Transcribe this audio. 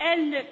Elle